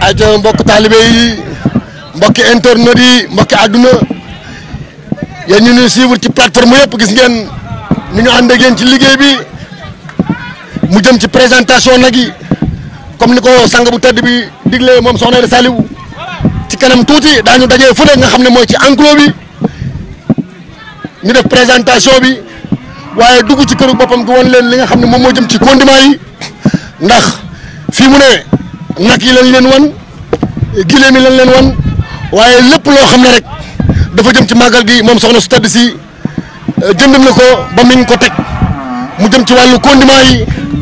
Aja mbokk taalibe yi mbokki internet yi mbokki àdduna yéen ñu ñuy suivre ci plateforme sekian, gis ngeen ni ñu ànd ak ci liggéey bi mu jëm ci présentation nag yi comme ni sang bu tedd bi diglee moom soxna ci kanam tuuti daañu dajee fu ne nga xam ne mooy ci enclos bi ñu def présentation bi waaye dugg ci këru boppam gi wan leen li nga xam ne moom moo jëm ci condiment yi ndax fii mu ne nag yi lañ leen wan gileem yi lañ leen wan waaye lépp loo xam ne rek dafa jëm ci màggal gi moom soxna su tedd si jënd na ko ba mi ko teg mu jëm ci wàllu condiment yi